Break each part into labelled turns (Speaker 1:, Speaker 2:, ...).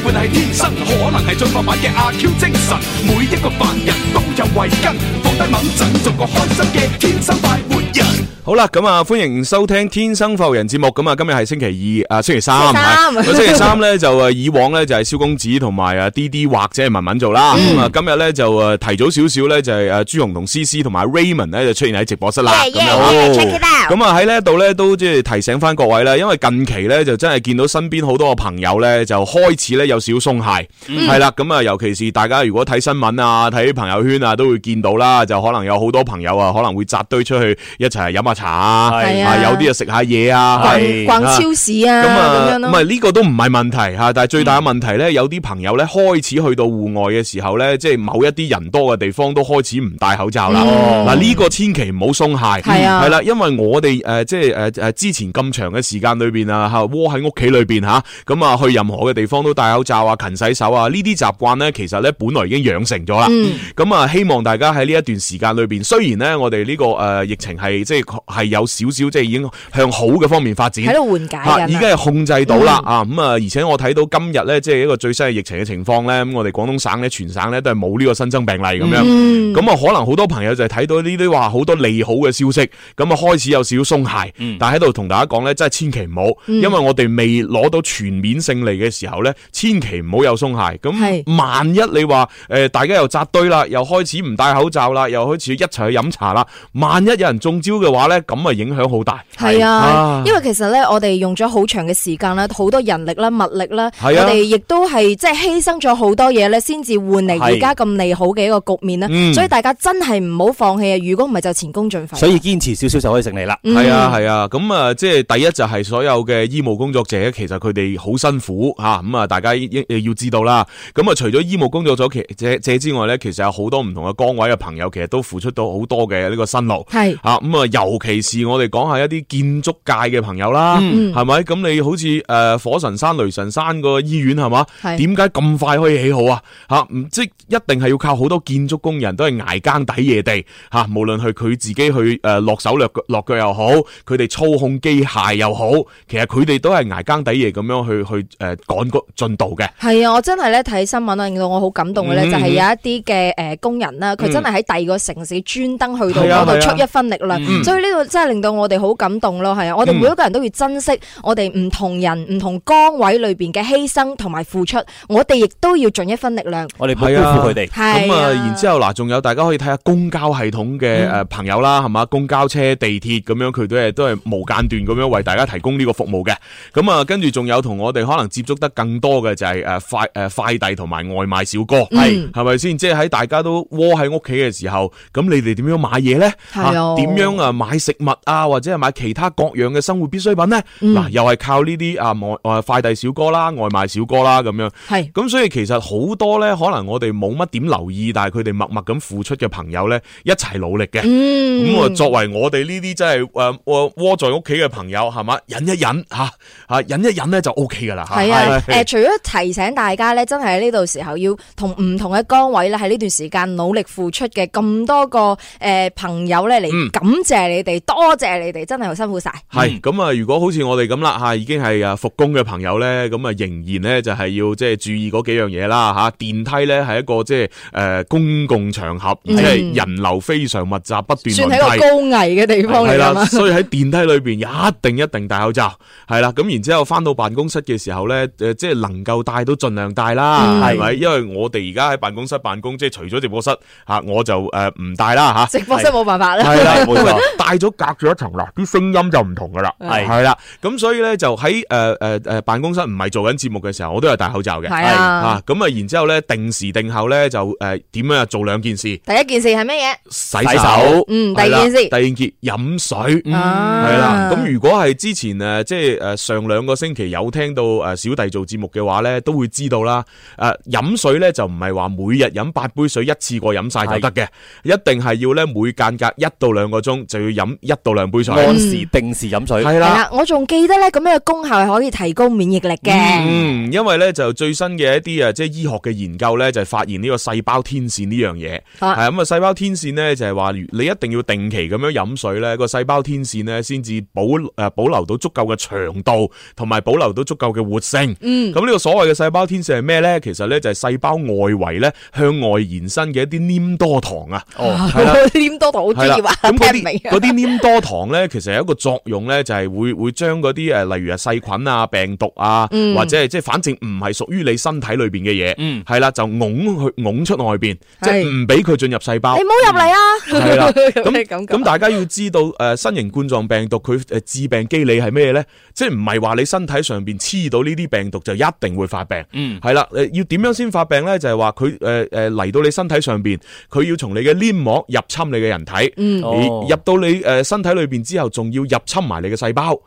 Speaker 1: 換係天生，可能係進化版嘅阿 Q 精神。每一個凡人都有慧根，放低猛感，做個開心嘅天生快活人。好啦，咁啊，歡迎收聽《天生快活人》節目。咁啊，今日係星期二啊，星期三，星期三咧、 啊、就誒，以往咧就係、是、蕭公子同埋啊 D D 或者係文文做啦。咁、嗯、啊，今日咧就誒提早少少咧，就係誒朱紅同 C C 同埋 Raymond 咧就出現喺直播室啦。咁 Yeah, 啊，喺呢一度咧都即係提醒翻各位咧，因為近期咧就真係見到身邊好多嘅朋友咧就開始咧。有少少鬆懈，係啦，咁啊，尤其是大家如果睇新聞啊、睇朋友圈啊，都會見到啦，就可能有好多朋友啊，可能會扎堆出去一齊飲下茶係啊，係啊，有啲啊食下嘢啊，逛啊逛超
Speaker 2: 市啊，咁啊，唔係
Speaker 1: 呢個都唔係問題吓、啊，但係最大嘅問題咧，嗯、有啲朋友咧開始去到戶外嘅時候咧，即係某一啲人多嘅地方都開始唔戴口罩啦。嗱、嗯，呢、啊這個千祈唔好鬆懈，係啦、啊嗯，因為我哋誒、呃，即係誒誒，之前咁長嘅時間裏邊啊，吓窩喺屋企裏邊吓，咁啊去任何嘅地方都戴。口罩啊、勤洗手啊，習慣呢啲習慣咧，其實咧本來已經養成咗啦。咁啊、嗯嗯，希望大家喺呢一段時間裏邊，雖然咧我哋呢、這個誒、呃、疫情係即係係有少少，即係已經向好嘅方面發展，喺度緩解，已經係控制到啦。嗯、啊，咁、嗯、啊，而且我睇到今日咧，即係一個最新嘅疫情嘅情況咧，咁我哋廣東省咧，全省咧都係冇呢個新增病例咁樣。咁啊、嗯嗯，可能好多朋友就係睇到呢啲話好多利好嘅消息，咁啊開始有少少鬆懈，嗯、但係喺度同大家講咧，真係千祈唔好，嗯、因為我哋未攞到全面勝利嘅時候咧，千祈唔好有鬆懈，咁萬一你話誒、呃，大家又紮堆啦，又開始唔戴口罩啦，又開始一齊去飲茶啦，萬一有人中招嘅話呢，咁啊影響好大。係
Speaker 2: 啊，是啊，因為其實呢，我哋用咗好長嘅時間啦，好多人力啦、物力啦，啊、我哋亦都係即係犧牲咗好多嘢呢，先至換嚟而家咁利好嘅一個局面咧。啊嗯、所以大家真係唔好放棄啊！如果唔係就前功盡廢。所
Speaker 1: 以堅持少少就可以勝利啦。係啊係啊，咁啊即係第一就係所有嘅醫務工作者，其實佢哋好辛苦吓，咁啊、嗯、大家。要知道啦，咁啊除咗醫務工作者其這這之外咧，其實有好多唔同嘅崗位嘅朋友，其實都付出到好多嘅呢、這個辛勞。係啊是，咁啊，尤其是我哋講下一啲建築界嘅朋友啦，係咪、嗯？咁你好似誒、呃、火神山、雷神山個醫院係嘛？點解咁快可以起好啊？吓，即一定係要靠好多建築工人都係挨更抵夜地吓、啊，無論係佢自己去誒落、呃、手落落腳又好，佢哋操控機械又好，其實佢哋都係挨更抵夜咁樣去去誒趕工進。呃嘅
Speaker 2: 係啊！我真係咧睇新聞啊，令到我好感動嘅咧，就係有一啲嘅誒工人啦，佢、嗯、真係喺第二個城市專登去到度出一分力量，嗯、所以呢個真係令到我哋好感動咯，係啊！我哋每一個人都要珍惜我哋唔同人唔、嗯、同崗位裏邊嘅犧牲同埋付出，我哋亦都要盡一分力量。我
Speaker 1: 哋唔辜負佢哋。咁啊！啊然之後嗱，仲有大家可以睇下公交系統嘅誒朋友啦，係嘛、嗯？公交車、地鐵咁樣，佢都係都係無間斷咁樣為大家提供呢個服務嘅。咁啊，跟住仲有同我哋可能接觸得更多嘅。就係誒快誒快遞同埋外賣小哥，係係咪先？即係喺大家都窩喺屋企嘅時候，咁你哋點樣買嘢咧？係啊，點樣啊買食物啊，或者係買其他各樣嘅生活必需品咧？嗱、嗯啊，又係靠呢啲啊外誒快遞小哥啦、外賣小哥啦咁樣。係咁是，咁所以其實好多咧，可能我哋冇乜點留意，但係佢哋默默咁付出嘅朋友咧，一齊努力嘅。嗯，咁啊，作為我哋呢啲真係誒窩在屋企嘅朋友，係嘛？忍一忍嚇嚇、啊，忍一忍咧就 O K 噶啦。係啊，誒吧、呃、
Speaker 2: 除咗。提醒大家咧，真係喺，呢度時候要同唔同嘅崗位咧，喺呢段時間努力付出嘅咁多個誒朋友咧嚟，感謝你哋，嗯、多謝你哋，真係好辛苦晒。係
Speaker 1: 咁啊！嗯、如果好似我哋咁啦吓，已經係啊復工嘅朋友咧，咁啊仍然咧就係要即係注意嗰幾樣嘢啦吓。電梯咧係一個即係誒公共場合，嗯、即係人流非常密集，不斷。算喺一個高
Speaker 2: 危嘅地方係啦， 所以喺
Speaker 1: 電梯裏邊一定一定戴口罩。係啦，咁然之後翻到辦公室嘅時候咧，誒即係能又戴都儘量戴啦，係咪？因為我哋而家喺辦公室辦公，即係除咗直播室嚇，我就誒唔戴啦嚇。直播室冇辦法啦，係啦，因為戴咗隔住一層啦，啲聲音就唔同噶啦，係係啦。咁所以咧就喺誒誒誒辦公室唔係做緊節目嘅時候，我都係戴口罩嘅，係啊。咁啊，然之後咧，定時定候咧就誒點樣做兩件事？
Speaker 2: 第一件事係咩嘢？洗手。嗯，第二件事，第
Speaker 1: 二件，飲水。嗯，係啦。咁如果係之前誒即係誒上兩個星期有聽到誒小弟做節目嘅話。咧都會知道啦，誒、呃，飲水咧就唔係話每日飲八杯水一次過飲晒就得嘅，是一定係要咧每間隔一到兩個鐘就要飲一到兩杯水，按、嗯、時定時飲水係啦。的
Speaker 2: 的我仲記得咧咁樣嘅功效係可以提高免疫力嘅。嗯，
Speaker 1: 因為咧就最新嘅一啲，就是、啊，即係醫學嘅研究咧就發現呢個細胞天線呢樣嘢係咁啊，細胞天線咧就係、是、話你一定要定期咁樣飲水咧，那個細胞天線咧先至保誒、呃、保留到足夠嘅長度，同埋保留到足夠嘅活性。咁呢個所謂嘅細胞天線係咩咧？其實咧就係細胞外圍咧向外延伸嘅一啲黏多糖啊。哦，
Speaker 2: 黏多糖好專業啊。咁嗰啲啲
Speaker 1: 黏多糖咧，其實有一個作用咧，就係會會將嗰啲誒，例如細菌啊、病毒啊，或者係即係反正唔係屬於你身體裏邊嘅嘢，係啦，就拱佢拱出外邊，即係唔俾佢進入細胞。你唔好入嚟啊！係啦，咁咁大家要知道誒，新型冠狀病毒佢誒致病機理係咩咧？即係唔係話你身體上邊黐到呢啲病毒就一定。會發病，係啦、嗯，誒，要點樣先發病咧？就係話佢誒誒嚟到你身體上邊，佢要從你嘅黏膜入侵你嘅人體，嗯哦欸，入到你誒身體裏邊之後，仲要入侵埋你嘅細胞，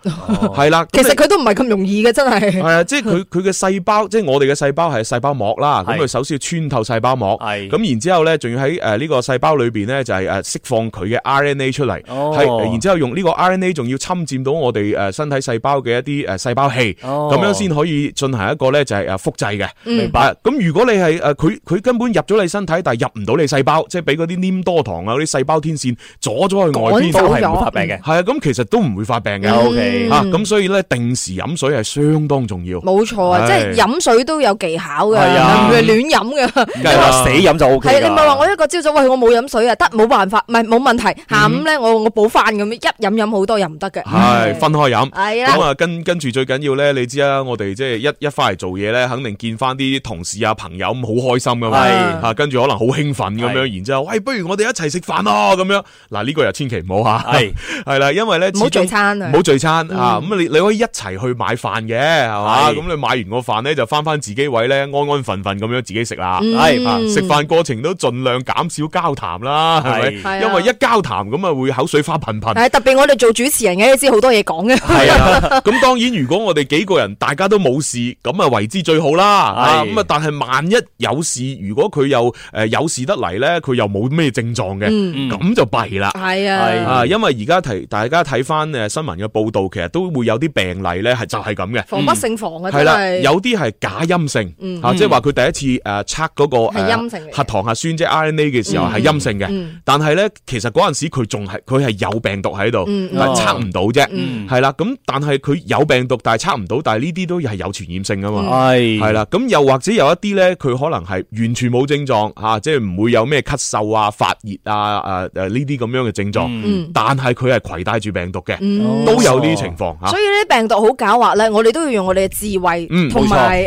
Speaker 1: 係啦、哦。其實佢
Speaker 2: 都唔係咁容易嘅，真係。係啊、
Speaker 1: 呃，即係佢佢嘅細胞，即係我哋嘅細胞係細胞膜啦，咁佢是首先要穿透細胞膜，咁是然之後咧，仲要喺誒呢個細胞裏邊咧，就係誒釋放佢嘅 RNA 出嚟，係、哦，然之後用呢個 RNA 仲要侵占到我哋誒身體細胞嘅一啲誒細胞器，咁、哦、樣先可以進行一個咧。就係誒複製嘅，明白？咁如果你係誒佢佢根本入咗你身體，但係入唔到你細胞，即係俾嗰啲黏多糖啊嗰啲細胞天線阻咗去外邊，都係冇發病嘅。係啊，咁其實都唔會發病嘅，O K。咁所以咧，定時飲水係相當重要。冇錯啊，即係飲
Speaker 2: 水都有技巧嘅，唔係亂飲嘅。梗係啦，死飲就 O K。你唔係話我一個朝早喂我冇飲水啊？得冇辦法，唔係冇問題。下午咧我我補飯咁樣一飲飲好多又唔得嘅。係
Speaker 1: 分開飲。係啊。咁啊跟跟住最緊要咧，你知啊？我哋即係一一翻嚟做。嘢咧，肯定見翻啲同事啊朋友咁，好開心噶嘛，吓跟住可能好興奮咁樣，然之後喂，不如我哋一齊食飯咯咁樣。嗱呢個又千祈唔好吓，係係啦，因為咧，唔好聚餐，唔好聚餐啊，咁你你可以一齊去買飯嘅係嘛，咁你買完個飯咧就翻翻自己位咧，安安分分咁樣自己食啦。係食飯過程都盡量減少交談啦，係咪？因為一交談咁啊會口水花噴噴。
Speaker 2: 特別我哋做主持人嘅，你知好多嘢講嘅。
Speaker 1: 係啊，咁當然如果我哋幾個人大家都冇事咁啊。為之最好啦，咁啊！但係萬一有事，如果佢又誒有事得嚟咧，佢又冇咩症狀嘅，咁就弊啦。
Speaker 2: 係啊，
Speaker 1: 因為而家睇大家睇翻誒新聞嘅報導，其實都會有啲病例咧，係就係咁嘅。防不勝
Speaker 2: 防啊！係啦，有
Speaker 1: 啲係假陰性嚇，即係話佢第一次誒測嗰個係陰性嘅。核糖核酸即係 R N A 嘅時候係陰性嘅，但係咧其實嗰陣時佢仲係佢係有病毒喺度，但咪測唔到啫。係啦，咁但係佢有病毒，但係測唔到，但係呢啲都係有傳染性噶嘛。係係啦，咁又或者有一啲咧，佢可能係完全冇症狀嚇，即係唔會有咩咳嗽啊、發熱啊、誒誒呢啲咁樣嘅症狀，但係佢係攜帶住病毒嘅，都有呢啲情況嚇。所以
Speaker 2: 呢啲病毒好狡猾咧，我哋都要用我哋嘅智慧，同埋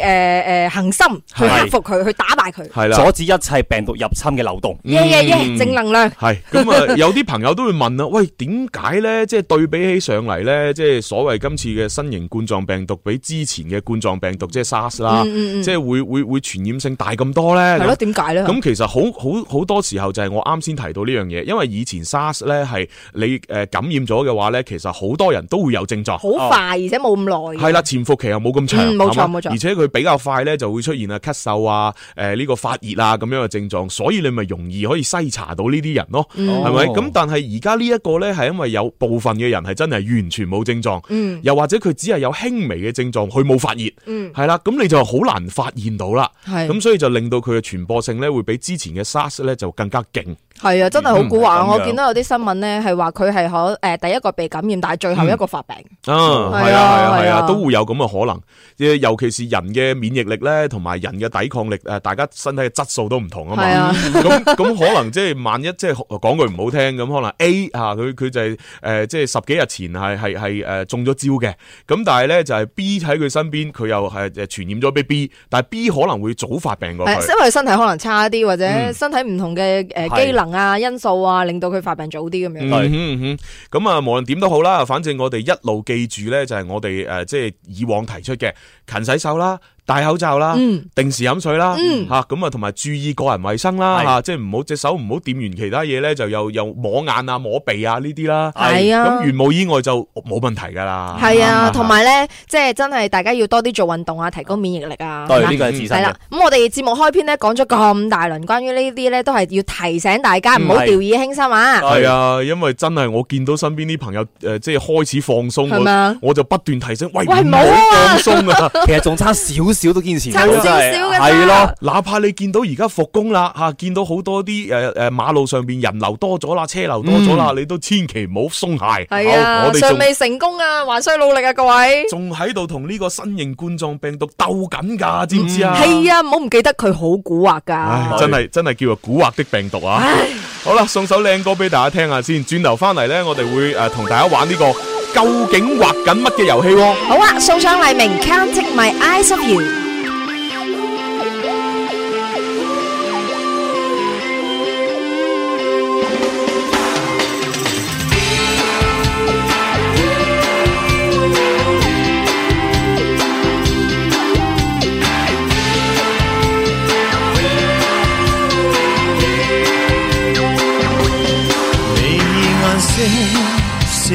Speaker 2: 誒誒恆心去克服佢，去打敗佢，係啦，阻
Speaker 1: 止一切病毒入侵嘅漏洞。耶耶耶！正能量係咁啊！有啲朋友都會問啦，喂，點解咧？即係對比起上嚟咧，即係所謂今次嘅新型冠狀病毒比之前嘅冠狀病毒即係。SARS 啦，嗯嗯嗯即係會會會傳染性大咁多咧？係咯，點解咧？咁其實好好好多時候就係我啱先提到呢樣嘢，因為以前 SARS 咧係你誒感染咗嘅話咧，其實好多人都會有症狀，好快、
Speaker 2: 哦、而且冇咁耐。係
Speaker 1: 啦，潛伏期又冇咁長，冇錯冇錯。而且佢比較快咧，就會出現啊咳嗽啊，誒、呃、呢、呢個發熱啊咁樣嘅症狀，所以你咪容易可以篩查到呢啲人咯，係咪、哦？咁但係而家呢一個咧，係因為有部分嘅人係真係完全冇症狀，嗯嗯又或者佢只係有輕微嘅症狀，佢冇發熱，係啦。咁你就好難發現到啦，咁、啊、所以就令到佢嘅傳播性咧會比之前嘅 SARS 咧就更加勁。
Speaker 2: 係啊，真係好古惑，嗯、我見到有啲新聞咧係話佢係可誒第一個被感染，嗯、但係最後一個發病。
Speaker 1: 嗯係啊，係啊，係啊，都會有咁嘅可能。誒，尤其是人嘅免疫力咧，同埋人嘅抵抗力誒，大家身體嘅質素都唔同啊嘛。咁咁 可能即係萬一即係講句唔好聽咁，可能 A 啊，佢佢就係誒即係十幾日前係係係誒中咗招嘅。咁但係咧就係、是、B 喺佢身邊，佢又係。呃傳染咗俾 B，但係 B 可能會早發病過佢，因為
Speaker 2: 身體可能差啲或者身體唔同嘅誒機能啊、嗯、因素啊，令到佢發病早啲咁樣。
Speaker 1: 咁啊的、嗯嗯，無論點都好啦，反正我哋一路記住咧，就係我哋誒，即係以往提出嘅勤洗手啦。戴口罩啦，定時飲水啦，吓咁啊，同埋注意個人衛生啦，吓，即係唔好隻手唔好掂完其他嘢咧，就又又摸眼啊、摸鼻啊呢啲啦，係啊，咁完冇意外就冇問題噶啦，係啊，同埋咧，
Speaker 2: 即係真係大家要多啲做運動啊，提高免疫力啊，呢係啦。咁我哋節目開篇咧講咗咁大輪關於呢啲咧，都係要提醒大家唔好掉以輕心啊，係啊，
Speaker 1: 因為真係我見到身邊啲朋友誒，即係開始放鬆，我就不斷提醒，喂唔好放鬆啊，其實仲差少。少，少都堅持唔到，啊、真係係咯。哪怕你見到而家復工啦，吓、啊、見到好多啲誒誒馬路上邊人流多咗啦，車流多咗啦，嗯、你都千祈唔好鬆懈。係啊，我尚未
Speaker 2: 成功啊，還需努力啊，各位。
Speaker 1: 仲喺度同呢個新型冠狀病毒鬥緊噶，知唔知啊？係、嗯、啊，
Speaker 2: 唔好唔記得佢好蠱惑噶唉、啊。真
Speaker 1: 係真係叫做蠱惑的病毒啊！啊好啦，送首靚歌俾大家聽下先。轉頭翻嚟咧，我哋會誒同、呃、大家玩呢個究竟畫緊乜嘅遊戲。好
Speaker 2: 啊，送上黎明 Can't Take My Eyes Off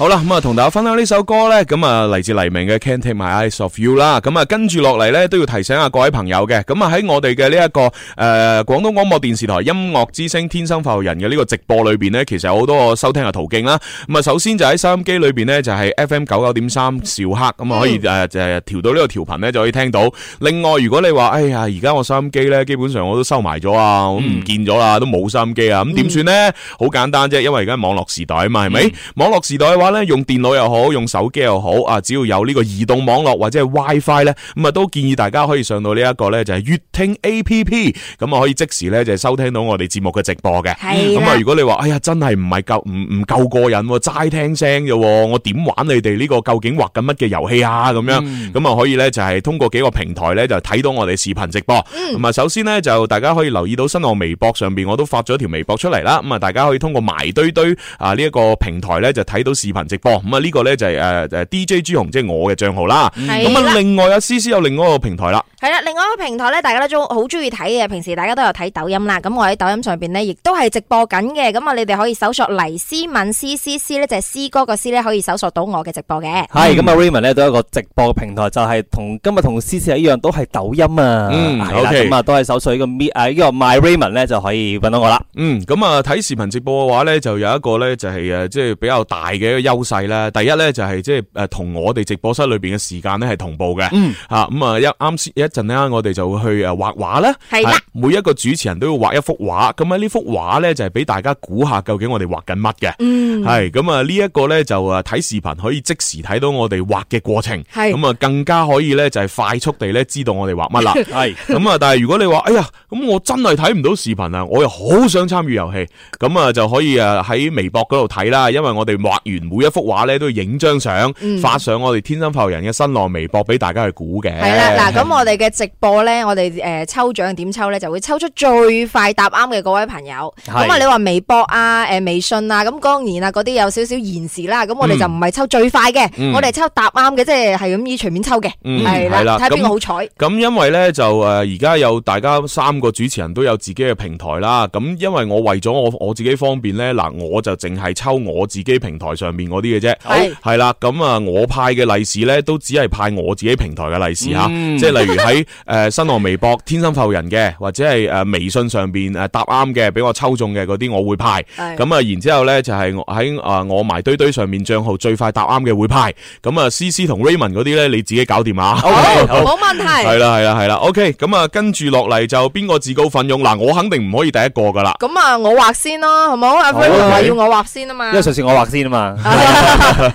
Speaker 1: 好啦，咁啊，同大家分享呢首歌咧，咁啊，嚟自黎明嘅《Can’t Take My Eyes Off You》啦，咁啊，跟住落嚟咧都要提醒下各位朋友嘅，咁啊，喺我哋嘅呢一個誒廣東廣播電視台音樂之聲天生發號人嘅呢個直播裏邊咧，其實有好多個收聽嘅途徑啦。咁啊，首先就喺收音機裏邊咧，就係 F M 九九點三兆赫，咁啊可以誒誒調到呢個調頻咧就可以聽到。另外，如果你話哎呀，而家我收音機咧，基本上我都收埋咗啊，我唔見咗啦，都冇收音機啊，咁點算咧？好簡單啫，因為而家網絡時代啊嘛，係咪？網絡時代嘅話。咧用電腦又好，用手機又好啊，只要有呢個移動網絡或者係 WiFi 咧，咁啊、嗯、都建議大家可以上到呢一個咧就係粵聽 APP，咁啊可以即時咧就係、是、收聽到我哋節目嘅直播嘅。咁啊的、嗯嗯、如果你話哎呀真係唔係夠，唔唔夠過癮、哦，齋聽聲嘅，我點玩你哋呢個？究竟畫緊乜嘅遊戲啊？咁樣咁啊、嗯、可以咧就係、是、通過幾個平台咧就睇到我哋視頻直播。咁啊、嗯、首先咧就大家可以留意到新浪微博上邊我都發咗條微博出嚟啦，咁、嗯、啊、嗯、大家可以通過埋堆堆啊呢一個平台咧就睇到視頻。直播，咁啊呢個咧就係誒誒 DJ 朱紅，即係我嘅賬號啦。咁啊另外阿思思有另外一個平台啦。
Speaker 2: 係啦，另外一個平台咧，大家都好中意睇嘅。平時大家都有睇抖音啦。咁我喺抖音上邊咧，亦都係直播緊嘅。咁啊，你哋可以搜索黎思敏，思思思咧，就係思哥個思咧，可以搜索到我嘅直播嘅。係。
Speaker 3: 咁啊 Raymond 咧都有一個直播平台，就係同今日同思思係一樣，都係抖音啊。嗯，係啦。咁啊都係搜索呢個 Mi 啊呢個 My Raymond 咧就可以
Speaker 1: 搵到我啦。嗯，咁啊睇視頻直播嘅話咧，就有一個咧就係誒即係比較大嘅一。優勢咧，第一咧就係即係誒，同我哋直播室裏邊嘅時間咧係同步嘅，嗯啊。嗯，啊，咁啊一啱先一陣咧，我哋就會去誒畫畫啦。係，每一個主持人都要畫一幅畫。咁喺呢幅畫咧，就係俾大家估下究竟我哋畫緊乜嘅。嗯，係咁啊呢一個咧就誒睇視頻可以即時睇到我哋畫嘅過程。咁啊是更加可以咧就係快速地咧知道我哋畫乜啦。係是，咁啊但係如果你話哎呀咁我真係睇唔到視頻啊，我又好想參與遊戲，咁啊就可以誒喺微博嗰度睇啦。因為我哋畫完每每一幅畫咧都要影張相，發上我哋天生浮游人嘅新浪微博俾大家去估嘅。係啦、嗯，嗱咁我
Speaker 2: 哋嘅直播咧，我哋誒、呃、抽獎點抽咧，就會抽出最快答啱嘅各位朋友。咁啊的，那你話微博啊、誒、呃、微信啊、咁當然啊嗰啲有少少延時啦。咁我哋就唔係抽最快嘅，嗯、我哋抽答啱嘅，即係係咁易隨便抽嘅。係啦，睇邊個好彩。
Speaker 1: 咁、嗯、因為咧就誒而家有大家三個主持人都有自己嘅平台啦。咁因為我為咗我我自己方便咧，嗱我就淨係抽我自己平台上面。我啲嘅啫，好，係啦，咁啊、哦，我派嘅利是咧，都只係派我自己平台嘅利是吓、嗯啊，即係例如喺誒、呃、新浪微博、天生浮人嘅，或者係誒、呃、微信上邊誒答啱嘅，俾我抽中嘅嗰啲我會派。咁啊、嗯，然之後咧就係喺啊我埋堆堆上面賬號最快答啱嘅會派。咁、嗯、啊，C C 同 Raymond 嗰啲咧你自己搞掂啊。好，
Speaker 2: 冇問題。係啦
Speaker 1: 係啦係啦，OK。咁啊，跟住落嚟就邊個自告奮勇嗱、啊？我肯定唔可以第一個噶啦。
Speaker 2: 咁啊，我畫先啦，係冇啊 r a y m n 要我畫先啊，好好、哦啊 okay? 先畫嘛？因為上次
Speaker 1: 我先畫先啊嘛。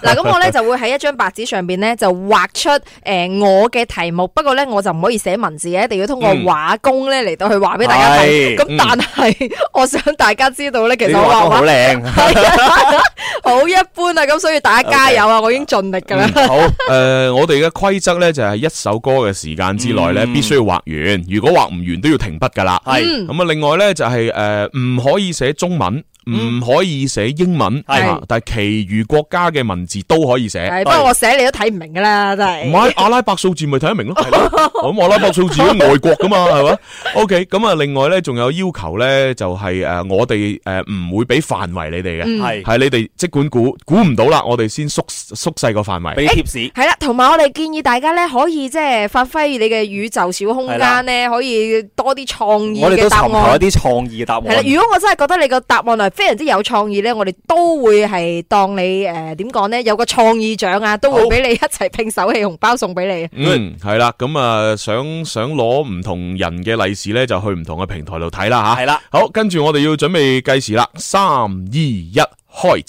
Speaker 4: 嗱咁、 呃，我咧就
Speaker 2: 會喺一張白紙上邊咧就畫出誒我嘅題目，不過咧我就唔可以寫文字嘅，一定要通過畫工咧嚟到去畫俾大家睇。咁但係我想大家知道咧，其實我畫好
Speaker 1: 靚，
Speaker 2: 好一般啊。咁所以大家加油啊！Okay, 我已經盡力噶啦、嗯。
Speaker 1: 好誒、呃，我哋嘅規則咧就係一首歌嘅時間之內咧必須要畫完，嗯、如果畫唔完都要停筆噶啦。係咁啊，另外咧就係誒唔可以寫中文。唔可以寫英文係，但係其餘國家嘅文字都可以寫。係，不過我
Speaker 2: 寫你都睇唔明噶啦，真係。唔係
Speaker 1: 阿拉伯數字咪睇得明咯。咁阿拉伯數字都係外國噶嘛，係嘛？OK，咁啊，另外咧，仲有要求咧，就係誒，我哋誒唔會俾範圍你哋嘅，係，係你哋即管估估唔到啦，我哋先縮縮細個範圍。俾貼士
Speaker 2: 係啦，同埋我哋建議大家咧，可以即係發揮你嘅宇宙小空間咧，可以多啲創意嘅答案。我哋都尋求一啲
Speaker 1: 創意嘅答案。係
Speaker 2: 啦，如果我真係覺得你個答案係。非常之有創意呢，我哋都會係當你誒，點講咧，有個創意獎啊，都會俾你一齊拼手氣紅包送俾你。
Speaker 1: 嗯，係啦，咁啊、呃、想想攞唔同人嘅利是呢，就去唔同嘅平台度睇啦吓。係、啊、啦，了好，跟住我哋要準備計時啦，三二一，開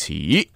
Speaker 1: 始。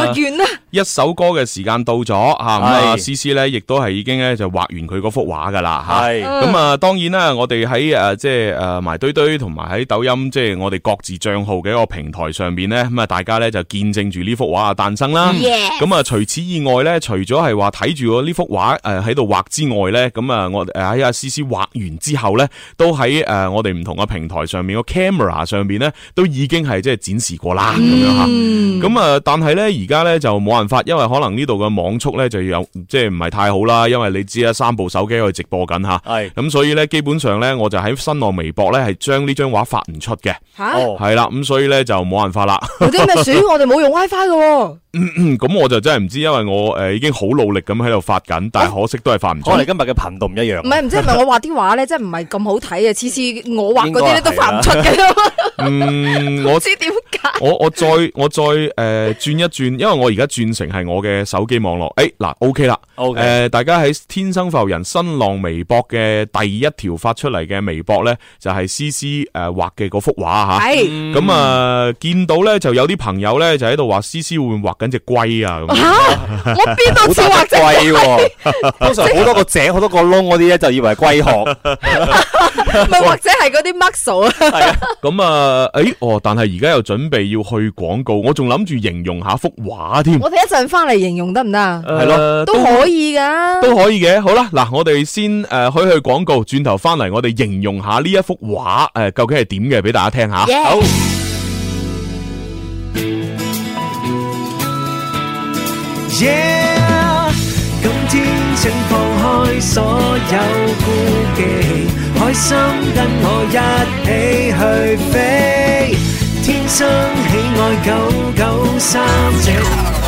Speaker 1: 一首歌嘅時間到咗吓，咁的啊，詩詩咧亦都係已經咧就畫完佢幅畫噶啦吓。咁的啊，當然啦，我哋喺誒即係誒埋堆堆同埋喺抖音，即、就、係、是、我哋各自賬號嘅一個平台上邊咧，咁啊，大家咧就見證住呢幅畫啊誕生啦。咁 Yes 啊，除此以外咧，除咗係話睇住呢幅畫誒喺度畫之外咧，咁啊，我誒喺阿詩詩畫完之後咧，都喺誒、啊、我哋唔同嘅平台上面個 camera 上邊咧，都已經係即係展示過啦咁、嗯、樣吓。咁啊，但係咧而家咧就冇人，發，因為可能呢度嘅網速咧就要有，即係唔係太好啦。因為你知啊，三部手機去直播緊吓，係咁是、嗯、所以咧，基本上咧，我就喺新浪微博咧係將呢張畫發唔出嘅，吓係啦，咁所以咧就冇辦法啦。嗰啲咩鼠，
Speaker 2: 我哋冇用 WiFi 喎。
Speaker 1: 咁、哦嗯、我就真係唔知，因為我誒、呃、已經好努力咁喺度發緊，但係可惜都係發唔出。我哋、啊、今日嘅頻道唔一樣，唔係唔知係咪、就是、我畫
Speaker 2: 啲畫咧，真係唔係咁好睇啊！次次我畫嗰啲咧都發唔出
Speaker 1: 嘅，嗯，我知點解，我我再我再誒轉、呃、一轉，因為我而家轉。係我嘅手機網絡，誒嗱，OK 啦，誒，大家喺天生浮人新浪微博嘅第一條發出嚟嘅微博咧，就係詩詩誒畫嘅嗰幅畫吓，咁啊見到咧就有啲朋友咧就喺度話詩詩會唔會畫緊隻龜啊，吓，
Speaker 2: 我
Speaker 1: 邊度似畫龜？通常好多個井、好多個窿嗰啲咧，就以為龜殼，
Speaker 2: 咪或者係嗰啲 muscle 啊？
Speaker 1: 咁啊，誒，哦，但係而家又準備要去廣告，我仲諗住形容下幅畫添。
Speaker 2: 一陣翻嚟形容得唔得啊？係咯，呃、都可以噶，都
Speaker 1: 可以嘅。好啦，嗱，我哋先誒、呃、去去廣告，轉頭翻嚟我哋形容下呢一幅畫誒、呃，究竟係點嘅？俾大家聽下。Yeah.
Speaker 5: 好。Yeah，今天請放開所有顧忌，開心跟我一起去飛。天生喜愛九九三者。Oh, yeah.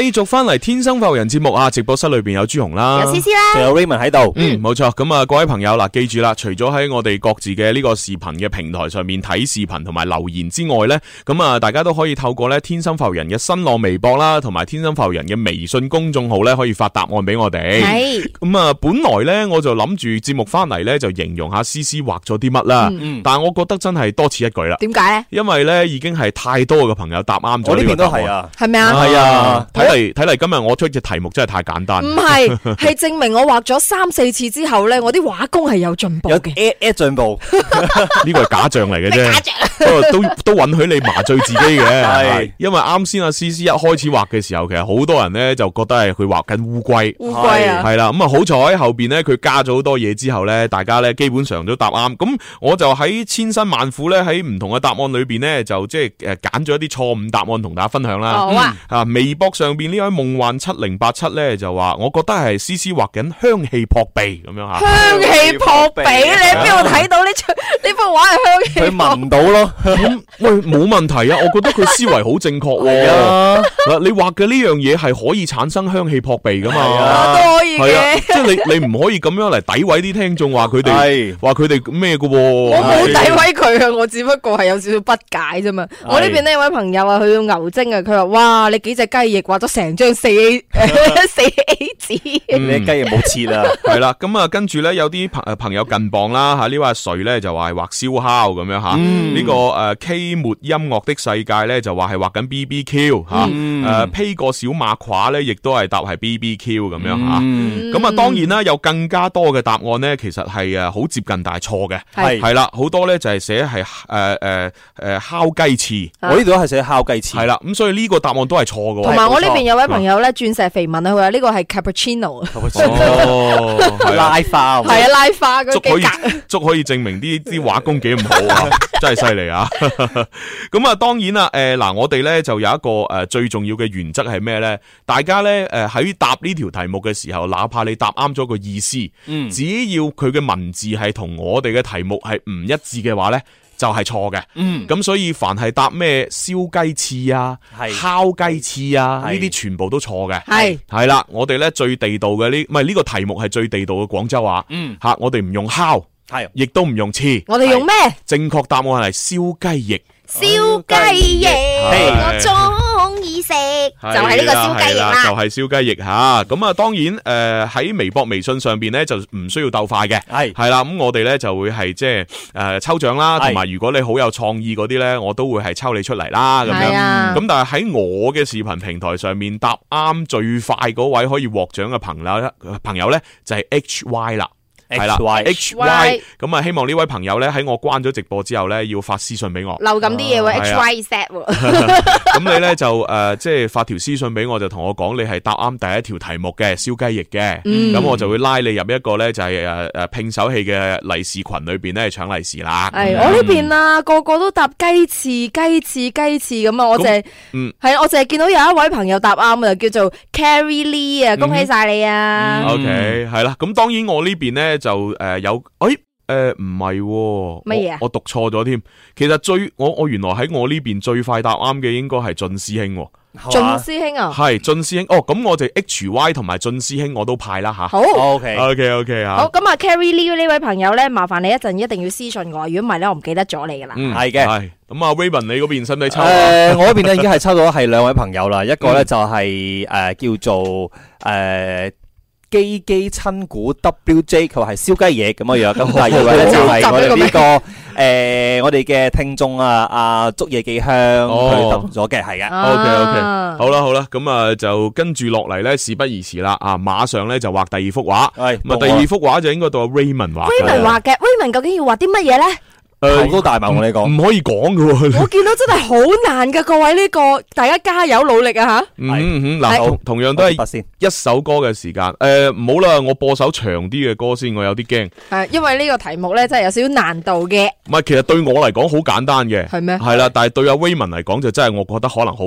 Speaker 1: 繼續翻嚟《天生浮人》節目啊！直播室裏邊有朱紅啦，有詩詩啦，仲有 Raymond 喺度。嗯，冇錯。咁啊，各位朋友嗱，記住啦，除咗喺我哋各自嘅呢個視頻嘅平台上面睇視頻同埋留言之外咧，咁啊，大家都可以透過咧《天生浮人》嘅新浪微博啦，同埋《天生浮人》嘅微信公眾號咧，可以發答案俾我哋。係咁啊，本來咧我就諗住節目翻嚟咧就形容下詩詩畫咗啲乜啦，嗯、但係我覺得真係多此一舉啦。點解？因為咧已經係太多嘅朋友答啱咗。我呢邊都係啊，係咪啊？係啊。睇嚟，睇嚟，今日我出隻題目真係太簡單。唔係，係
Speaker 2: 證明我畫咗三四次之後咧，我啲畫工係有進步
Speaker 1: 嘅，有有進步。呢個係假象嚟嘅啫，不過都都允許你麻醉自己嘅。係，因為啱先阿 C C 一開始畫嘅時候，其實好多人咧就覺得係佢畫緊烏龜，烏龜啊，係啦。咁啊，好彩後邊咧佢加咗好多嘢之後咧，大家咧基本上都答啱。咁我就喺千辛萬苦咧喺唔同嘅答案裏邊咧，就即係誒揀咗一啲錯誤答案同大家分享啦。好啊，啊微博上。變呢位夢幻七零八七咧就話，我覺得係詩詩畫緊香氣撲鼻咁樣吓，香
Speaker 2: 氣撲鼻，鼻啊、你喺邊度睇到呢張呢幅畫係香氣？佢
Speaker 1: 聞到咯。 喂，冇問題啊！我覺得佢思維好正確。係啊，你畫嘅呢樣嘢係可以產生香氣撲鼻噶嘛？都可以嘅。即係你你唔可以咁樣嚟詆毀啲聽眾話佢哋話佢哋咩喎？我冇詆毀
Speaker 2: 佢啊！我只不過係有少少不解啫嘛。我呢邊呢位朋友啊，佢到牛精啊，佢話：哇，你幾隻雞翼畫咗成張四四 A 紙？嗯，你雞翼冇切啦。係
Speaker 1: 啦，咁啊，跟住咧有啲朋朋友近磅啦吓，呢位阿瑞咧就話畫燒烤咁樣吓，呢個誒 K。啲沒音樂的世界咧，就話係畫緊 BBQ 吓，誒披個小馬胯咧，亦都係答係 BBQ 咁樣吓。咁啊，當然啦，有更加多嘅答案咧，其實係誒好接近大錯嘅，係係啦，好多咧就係寫係誒誒誒烤雞翅，我呢度都係寫烤雞翅，係啦，咁所以呢個答案都係錯嘅。同埋我呢邊有位朋
Speaker 2: 友咧，鑽石肥問啊，佢話呢個係 cappuccino，拉
Speaker 1: 花係啊，拉
Speaker 2: 花，足可以
Speaker 1: 足可以證明啲啲畫工幾唔好啊，真係犀利啊！咁啊， 當然啦，誒，嗱，我哋咧就有一個誒、呃、最重要嘅原則係咩咧？大家咧，誒、呃、喺答呢條題目嘅時候，哪怕你答啱咗個意思，嗯，只要佢嘅文字係同我哋嘅題目係唔一致嘅話咧，就係錯嘅，嗯。咁所以凡係答咩燒雞翅啊，係是烤雞翅啊，呢啲是全部都錯嘅，係係啦。我哋咧最地道嘅呢，唔係呢個題目係最地道嘅廣州話，嗯，吓、啊、我哋唔用烤。係，亦都唔用黐。我哋用咩？正確答案係燒雞翼。
Speaker 2: 燒雞翼，我中意食。就係呢個燒雞翼啦。係啦，係啦，就係
Speaker 1: 燒雞翼吓。咁啊，當然誒喺微博、微信上邊咧就唔需要鬥快嘅。係係啦，咁我哋咧就會係即係誒抽獎啦，同埋如果你好有創意嗰啲咧，我都會係抽你出嚟啦。咁樣咁，但係喺我嘅視頻平台上面答啱最快嗰位可以獲獎嘅朋友呢，朋友咧就係 H Y 啦。係啦，Y H Y 咁啊！希望呢位朋友咧喺我關咗直播之後咧，要發私信俾我。留咁啲嘢喎，H Y set 咁你咧就誒，即係發條私信俾我，就同我講你係答啱第一條題目嘅燒雞翼嘅。咁我就會拉你入一個咧就係誒誒拼手氣嘅利是群裏邊咧搶利是啦。係我呢邊啊，
Speaker 2: 個個都答雞翅、雞翅、雞翅咁啊！我淨係嗯係啊，我淨係見到有一位朋友答啱啊，叫做 Carrie Lee 啊，恭喜晒你啊！OK，
Speaker 1: 係啦。咁當然我呢邊咧。就誒有誒誒唔係乜嘢我讀錯咗添。其實最我我原來喺我呢邊最快答啱嘅應該係晉師兄，晉師兄啊，係晉師兄，啊、師兄哦。咁我哋 H Y 同埋晉師兄我都派啦吓。啊、好、哦、okay, OK OK OK 吓。好
Speaker 2: 咁啊，Carrie Lee 呢位朋友咧，麻煩你一陣一定要私信我，如果唔係咧，我唔記得咗你噶啦。
Speaker 1: 係嘅。係咁啊，Raymond 你嗰邊使唔使抽誒，
Speaker 3: 我嗰邊咧已經係抽到係兩位朋友啦，一個咧就係、是、誒、嗯呃、叫做誒。呃機機親估 WJ 佢話係燒雞嘢咁樣樣，咁第二位咧就係我哋呢個誒，我哋嘅聽眾啊，阿粥嘢幾香佢哋
Speaker 1: 揼咗嘅係啊，OK OK，好啦好啦，咁啊就跟住落嚟咧事不宜遲啦，啊馬上咧就畫第二幅畫，咪第二幅畫就應該到阿 Raymond 畫，Raymond
Speaker 2: 畫嘅，Raymond 究竟要畫啲乜嘢咧？
Speaker 1: 好多大埋我嚟講，唔可以講嘅。我
Speaker 2: 見到真係好難嘅，各位呢個，大家加油努力啊吓。
Speaker 1: 嗯嗯，嗱，同樣都係先一首歌嘅時間。誒，唔好啦，我播首長啲嘅歌先，我有啲驚。
Speaker 2: 係，因為呢個題目咧，真係有少少難度嘅。
Speaker 1: 唔係，其實對我嚟講好簡單嘅。係咩？係啦，但係對阿威文嚟講就真係我覺得可能好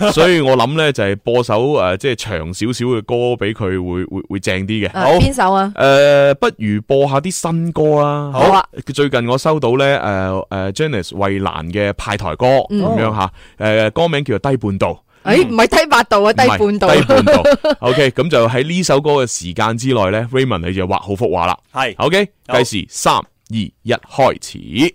Speaker 1: 難，所以我諗咧就係播首誒，即係長少少嘅歌俾佢，會會會正啲嘅。好邊首啊？誒，不如播下啲新歌啦。好啦，最近我收到。咧誒誒、呃呃、Janice 衛蘭嘅派台歌咁樣吓，誒、嗯、哦呃、歌名叫做低半度，誒唔
Speaker 2: 係低八度啊，低半度。低半
Speaker 1: 度。O K，咁就喺呢首歌嘅時間之內咧，Raymond 你就畫好幅畫啦。係 O K，計時三二一，好 3, 2, 1, 開始。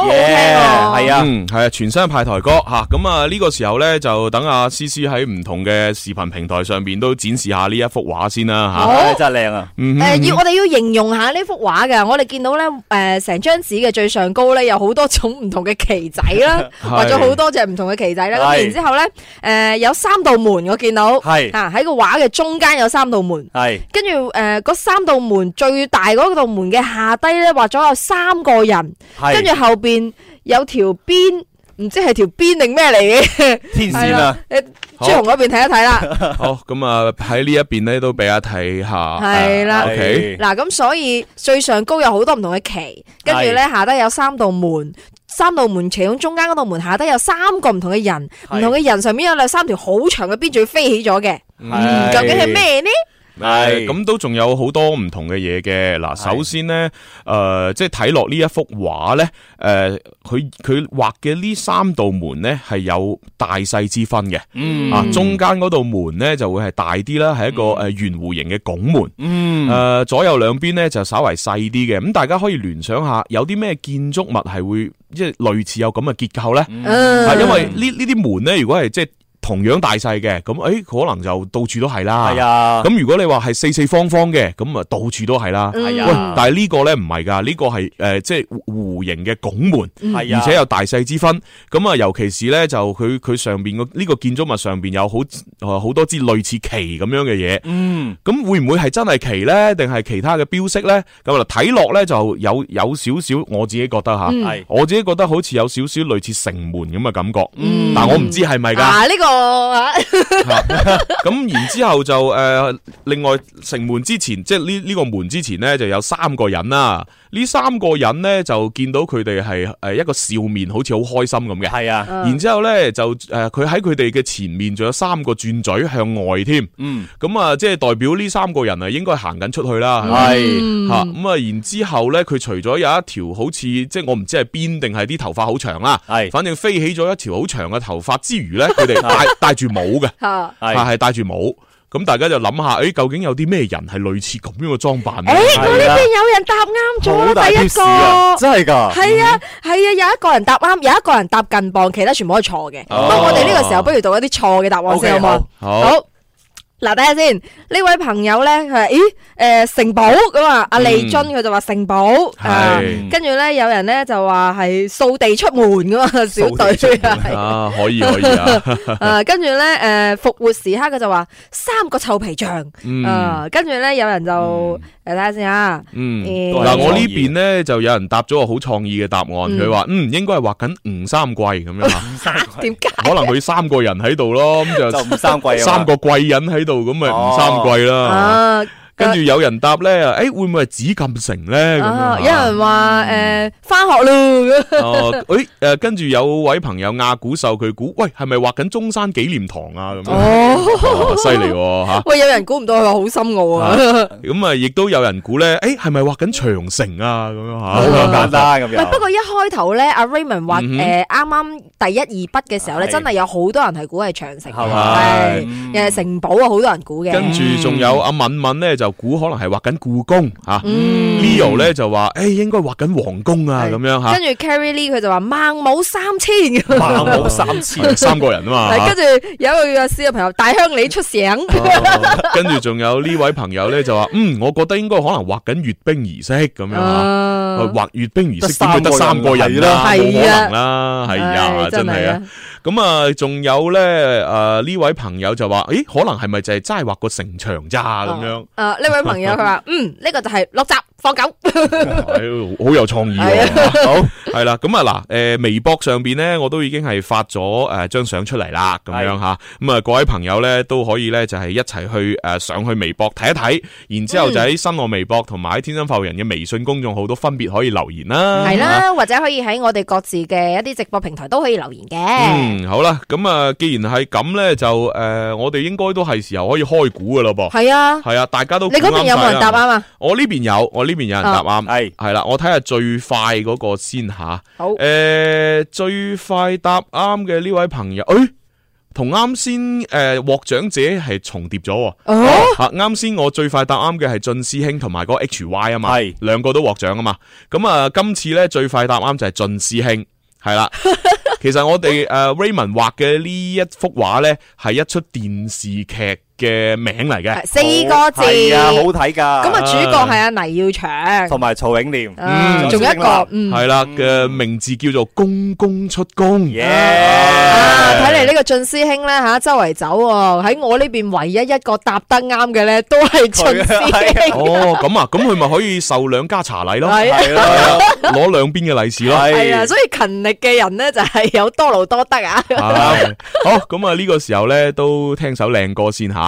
Speaker 1: O 係 Yeah, 啊，係啊、嗯、啊，全新派台歌吓，咁啊呢、啊呢個時候咧就等阿詩詩喺唔同嘅視頻平台上邊都展示下呢一幅畫先啦吓，真係靚啊！誒、啊，要我
Speaker 2: 哋要形容下呢幅畫嘅，我哋見到咧誒成張紙嘅最上高咧有好多種唔同嘅旗仔啦，畫咗好多隻唔同嘅旗仔啦，咁是然之後咧誒、呃、有三道門我見到係是啊喺個畫嘅中間有三道門，係跟住誒三道門最大嗰道門嘅下低咧畫咗有三個人，係跟住後邊。邊有條邊唔知係條邊定咩嚟嘅天線啊！朱紅嗰邊睇一睇啦。
Speaker 1: 好，咁啊，喺呢一邊咧都俾我睇下。係啦，嗱
Speaker 2: 咁所以最上高有好多唔同嘅旗，跟住咧下低有三道門，三道門其中中間嗰道門下低有三個唔同嘅人，唔同嘅人上面有兩三條好長嘅邊仲要飛起咗嘅，究竟係咩呢？
Speaker 1: 係咁，都仲有好多唔同嘅嘢嘅。嗱，首先咧，誒是、呃，即係睇落呢一幅畫咧，誒、呃，佢佢畫嘅呢三道門咧，係有大細之分嘅。
Speaker 4: 嗯，啊，中
Speaker 1: 間嗰道門咧就會係大啲啦，係一個誒圓弧形嘅拱門。嗯，誒、呃，左右兩邊咧就稍為細啲嘅。咁大家可以聯想下，有啲咩建築物係會即係類似有咁嘅結構咧？嗯、啊，因為呢呢啲門咧，如果係即係。同樣大細嘅咁，誒可能就到處都係啦。係啊，咁如果你話係四四方方嘅，咁啊到處都係啦。係啊，喂，但係呢個咧唔係㗎，呢個係誒即係弧形嘅拱門，係啊，而且有大細之分。咁啊，尤其是咧就佢佢上面個呢個建築物上面有好、呃、好多支類似旗咁樣嘅嘢。嗯，咁會唔會係真係旗咧？定係其他嘅標識咧？咁啊睇落咧就有有少少我自己覺得吓。我自己覺得、啊、係、我自己覺得好似有少少類似城門咁嘅感覺。嗯，但我唔知係咪㗎。呢、啊呢個咁、 啊、然之後就誒、呃，另外城門之前，即係呢呢個門之前咧，就有三個人啦。呢三個人咧就見到佢哋係誒一個笑面，好似好開心咁嘅。係啊，然之後咧就誒，佢喺佢哋嘅前面仲有三個轉嘴向外添。嗯，咁啊、呃，即係代表呢三個人啊，應該行緊出去啦。係吓咁啊，然之後咧，佢除咗有一條好似即係我唔知係辮定係啲頭髮好長啦，係是，反正飛起咗一條好長嘅頭髮之餘咧，佢哋。 帶住帽嘅，係係戴住帽，咁大家就諗下，誒究竟有啲咩人係類似咁樣嘅裝扮？誒，我呢邊有
Speaker 2: 人答啱咗啦，第一個，真係噶，係啊係啊，有一個人答啱，有一個人答近磅，其他全部係錯嘅。咁我哋呢個時候不如讀一啲錯嘅答案先好冇？好。嗱，睇下先，呢位朋友咧，佢話，咦，誒，城堡咁啊，阿利津佢就話城堡，係，跟住咧有人咧就話係掃地出門咁啊，小隊啊，
Speaker 1: 啊，可以可以啊，啊，
Speaker 2: 跟住咧，誒，復活時刻佢就話三個臭皮匠，啊，跟住咧有人就，誒，睇下先啊，嗯，
Speaker 1: 嗱，我呢邊咧就有人答咗個好創意嘅答案，佢話，嗯，應該係畫緊吳三桂咁樣啊，吳
Speaker 2: 三桂，點解？可能佢
Speaker 1: 三個人喺度咯，咁就吳三桂，三個貴人喺度咁咪唔三季啦。啊啊。跟住有人答咧，誒會唔會係紫禁城咧？有人
Speaker 2: 話誒翻學咯。誒，
Speaker 1: 誒跟住有位朋友阿古秀佢估，喂係咪畫緊中山紀念堂啊？咁樣哦，犀利吓！喂，
Speaker 2: 有人估唔到佢好深奧
Speaker 1: 啊！咁啊，亦都有人估咧，誒係咪畫緊長城啊？咁樣吓，簡單咁樣。不過
Speaker 2: 一開頭咧，阿 Raymond 畫誒啱啱第一二筆嘅時候咧，真係有好多人係估係長城，係，又係城堡啊，好多人估嘅。跟住仲有
Speaker 1: 阿敏敏咧就。估可能係畫緊故宮吓，Leo 咧就話誒應該畫緊皇宮啊咁樣吓，跟
Speaker 2: 住 Carrie Lee 佢就話孟母三遷，孟母三遷
Speaker 1: 三個人啊嘛，跟住
Speaker 2: 有一個私嘅朋友大鄉里出城，
Speaker 1: 跟住仲有呢位朋友咧就話嗯，我覺得應該可能畫緊閱兵儀式咁樣吓，畫閱兵儀式點會得三個人啦，係呀，係啊，真係啊。咁啊，仲有咧，誒、呃、呢位朋友就話，誒可能係咪就係齋畫個城牆咋咁樣？誒呢位朋友佢話，嗯
Speaker 2: 呢、這個就係落閘放狗，
Speaker 1: 哎、好有創意喎、啊！的好係啦，咁啊嗱，誒、呃、微博上邊咧我都已經係發咗誒張相出嚟啦，咁樣吓，咁的啊各位朋友咧都可以咧就係、是、一齊去誒、呃、上去微博睇一睇，然之後就喺新浪微博同埋喺天津服人嘅微信公眾號都分別可以留言啦、啊，係啦的，
Speaker 2: 啊、或者可以喺我哋各自嘅一啲直播平台都可以留言嘅。
Speaker 1: 嗯好啦，咁啊，既然係咁咧，就誒、呃，我哋應該都係時候可以開估噶啦噃。係啊，係啊，大家都你嗰邊有冇人答啱啊？我呢邊有，我呢邊有人答啱，係係、哦、是啦，我睇下最快嗰個先吓。啊、好誒、呃，最快答啱嘅呢位朋友，誒、欸，同啱先誒獲獎者係重疊咗。哦，吓啱先我最快答啱嘅係晉師兄同埋嗰個 HY 啊嘛，係兩是個都獲獎啊嘛。咁啊、呃，今次咧最快答啱就係晉師兄。係啦，其實我哋誒 Raymond 畫嘅呢一幅畫咧，係一出電視劇。嘅名嚟嘅，四個字係啊，好睇噶。咁啊，主角係阿
Speaker 2: 黎耀祥，同
Speaker 1: 埋曹永廉，仲有一個係啦。嘅名字叫做公公出宮。啊，
Speaker 2: 睇嚟呢個俊師兄咧，吓周圍走喎。喺我呢邊唯一一個答得啱嘅咧，都係俊師兄。哦，
Speaker 1: 咁啊，咁佢咪可以受兩家茶禮咯，攞兩邊嘅利是咯。係啊，所
Speaker 2: 以勤力嘅人咧，就係有多勞多得啊。
Speaker 1: 好，咁啊，呢個時候咧，都聽首靚歌先吓。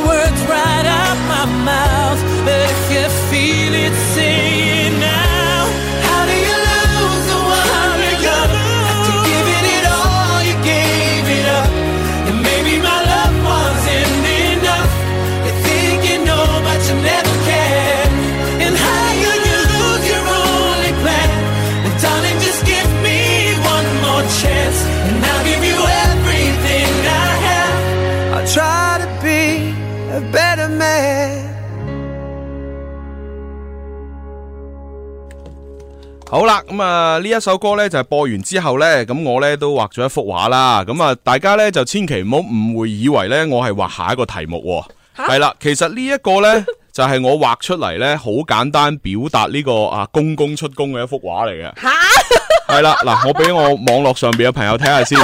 Speaker 1: 好啦，咁啊呢一首歌呢，就係播完之後呢，咁我呢，都畫咗一幅畫啦。咁啊大家呢，就千祈唔好誤會，以為呢，我係畫下一個題目。係啦蛤，其實呢一個呢，就係我畫出嚟呢，好簡單，表達呢個啊公公出宮嘅一幅畫嚟嘅。吓蛤，係啦嗱，我俾我網絡上邊嘅朋友睇下先。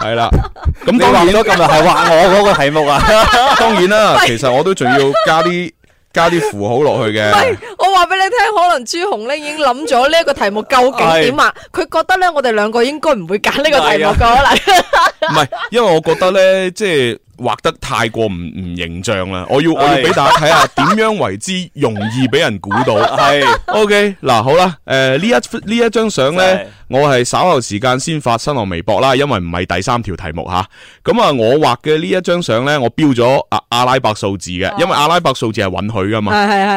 Speaker 1: 係啦， 咁當然都咁日咁耐係畫我嗰個題目啊？ 當然啦，其實我都仲要加啲。.加啲符號落去嘅，喂，係，
Speaker 2: 我話俾你聽，可能朱紅咧已經諗咗呢一個題目究竟點是啊？佢覺得咧，我哋兩個應該唔會揀呢個題目㗎可能，是、啊、
Speaker 1: 可能，唔 係，因為我覺得咧，即係。畫得太過唔唔形象啦，我要我要俾大家睇下點樣為之容易俾人估到。係是，OK 嗱，好啦，誒、呃、呢一呢一張相呢，是我係稍後時間先發新浪微博啦，因為唔係第三條題目吓。咁啊，我畫嘅呢一張相呢，我標咗阿阿拉伯數字嘅，因為阿拉伯數字係允許噶嘛。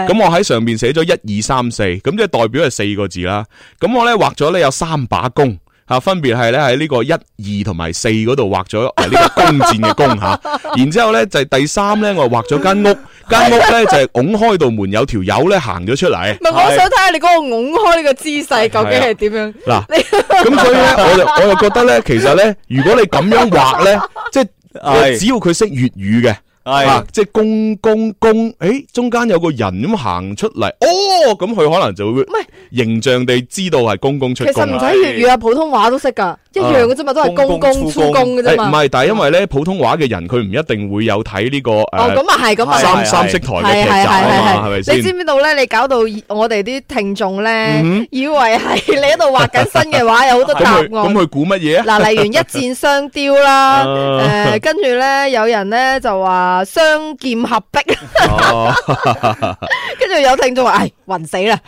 Speaker 1: 咁我喺上面寫咗一二三四，咁即係代表係四個字啦。咁我呢，畫咗呢有三把弓。吓、啊，分別係咧喺呢個一二同埋四嗰度畫咗呢個弓箭嘅弓吓、 啊，然之後咧就係、第三咧我畫咗間屋，間 屋咧 就係拱開道門，有條友咧行咗出嚟。唔係，我想
Speaker 2: 睇下你嗰個拱開呢個姿勢究竟係點樣？嗱，咁所
Speaker 1: 以咧，我就我就覺得咧，其實咧，如果你咁樣畫咧，即係只要佢識粵語嘅。係啊，即係公公公，誒，中間有個人咁行出嚟，哦，咁佢可能就會唔係形象地知道係公公出工啦。其實唔使粵
Speaker 2: 語啊，普通話都識噶，一樣噶啫嘛，都係公公出工噶啫嘛。唔係，但係
Speaker 1: 因為咧普通話嘅人佢唔一定會有睇呢個誒三三色台嘅劇集啊嘛。係咪先？你知唔
Speaker 2: 知道咧？你搞到我哋啲聽眾咧，以為係你喺度畫緊新嘅畫，有好多答案。咁佢估乜嘢啊？嗱，例如一箭雙雕啦，誒，跟住咧有人咧就話。啊！雙劍合璧，哦，跟住 有聽眾話：唉，暈死啦！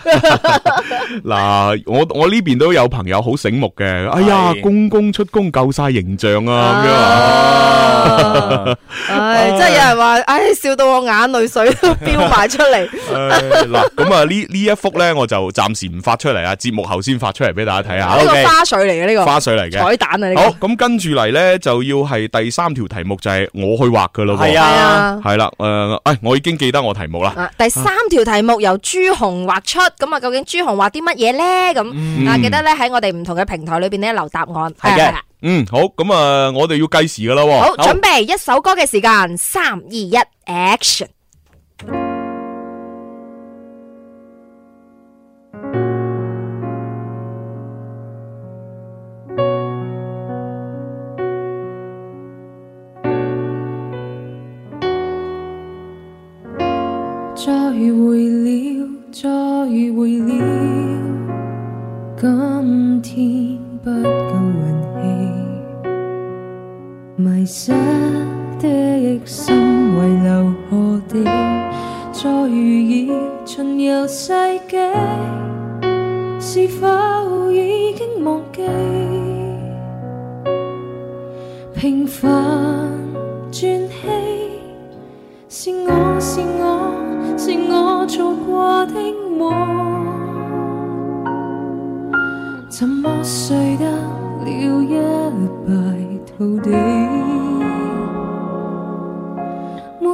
Speaker 1: 嗱，我我呢邊都有朋友好醒目嘅，哎呀，是公公出宮夠晒形象啊！咁、啊、樣，
Speaker 2: 啊、唉，唉唉即係有人話，唉，笑到我眼淚水都飆埋出嚟。
Speaker 1: 嗱，咁啊，呢呢一幅咧，我就暫時唔發出嚟啊，節目後先發出嚟俾大家睇下。呢個花
Speaker 2: 水嚟嘅呢個花水嚟嘅彩蛋啊！呢好，
Speaker 1: 咁跟住嚟咧就要係第三條題目就係、是、我去畫噶咯。係啊。係啦，誒、啊呃哎，我已經記得我題目啦、啊。第三
Speaker 2: 條題目由朱紅畫出，咁啊，究竟朱紅畫啲乜嘢咧？咁、嗯、啊，記得咧喺我哋唔同嘅平台裏邊咧留答案。係嘅，係
Speaker 1: 嘅，嗯，好，咁啊，我哋要計時噶啦。好，好準
Speaker 2: 備一首歌嘅時間，三二一，Action！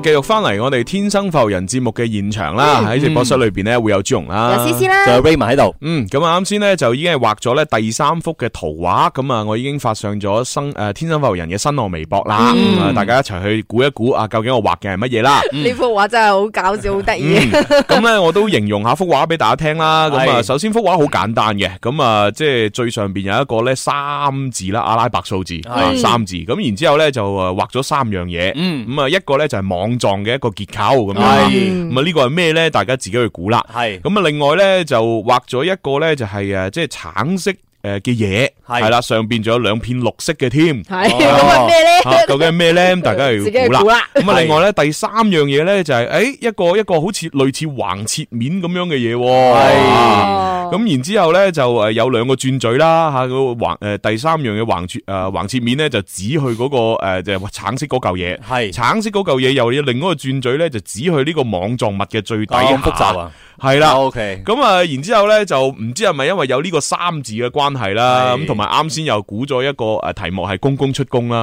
Speaker 1: 繼續翻嚟我哋天生浮人節目嘅現場啦，喺直播室裏邊咧會有朱紅啦，有詩詩啦，有 Ray 喺度。嗯，咁啊啱先咧就已經係畫咗咧第三幅嘅圖畫，咁啊我已經發上咗生誒天生浮人嘅新浪微博啦。嗯，大家一齊去估一估啊，究竟我畫嘅係乜嘢啦？嗯，呢
Speaker 2: 幅畫真係好搞笑，好得意。咁
Speaker 1: 咧我都形容下幅畫俾大家聽啦。咁啊首先幅畫好簡單嘅，咁啊即係最上邊有一個咧三字啦，阿拉伯數字，三字。咁然之後咧就誒畫咗三樣嘢。咁啊一個咧就係望。網狀嘅一個結構咁樣，咁啊呢個係咩咧？大家自己去估啦。係咁啊！另外咧就畫咗一個咧就係誒，即係橙色誒嘅嘢係啦，上邊仲有兩片綠色嘅添。係咁係咩咧？究竟係咩咧？大家係自己去估啦。咁啊，另外咧第三樣嘢咧就係誒，一個一個好似類似橫切面咁樣嘅嘢。咁然之後咧就有兩個轉嘴啦、呃、第三樣嘅橫切、橫切面咧就指去嗰、嗰個誒就、呃、橙色嗰嚿嘢，係是橙色嗰嚿嘢又另一個轉嘴咧就指去呢個網狀物嘅最底，咁複雜啊！係啦，OK，咁啊，然之後咧就唔知係咪因為有呢個三字嘅關係啦，咁同埋啱先又估咗一個誒題目係公公出宮啦，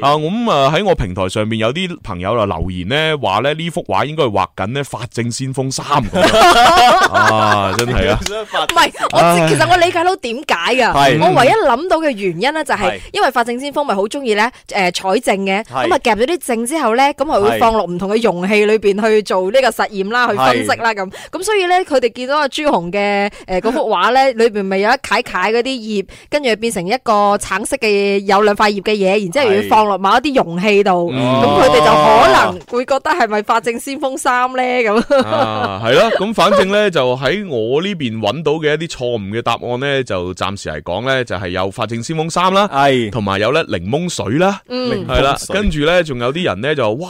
Speaker 1: 啊咁啊喺我平台上面有啲朋友啊留言咧話咧呢幅畫應該係畫緊咧法證先鋒三啊，真係啊，
Speaker 2: 唔係我其實我理解到點解噶。我唯一諗到嘅原因咧就係因為法證先鋒咪好中意咧誒採證嘅，咁啊夾咗啲證之後咧咁佢會放落唔同嘅容器裏邊去做呢個實驗啦，去分析啦咁，咁所以。所以咧，佢哋見到阿朱紅嘅誒嗰幅畫咧，裏邊咪有一楷楷嗰啲葉，跟住變成一個橙色嘅有兩塊葉嘅嘢，然之後要放落某一啲容器度，咁佢哋就可能會覺得係咪法證先鋒三咧咁？係咯、啊，咁、 啊、反正
Speaker 1: 咧就喺我呢邊揾到嘅一啲錯誤嘅答案咧，就暫時嚟講咧，就係、是、有法證先鋒三啦，係是，同埋有咧檸檬水啦，係啦、嗯，跟住咧仲有啲人咧就話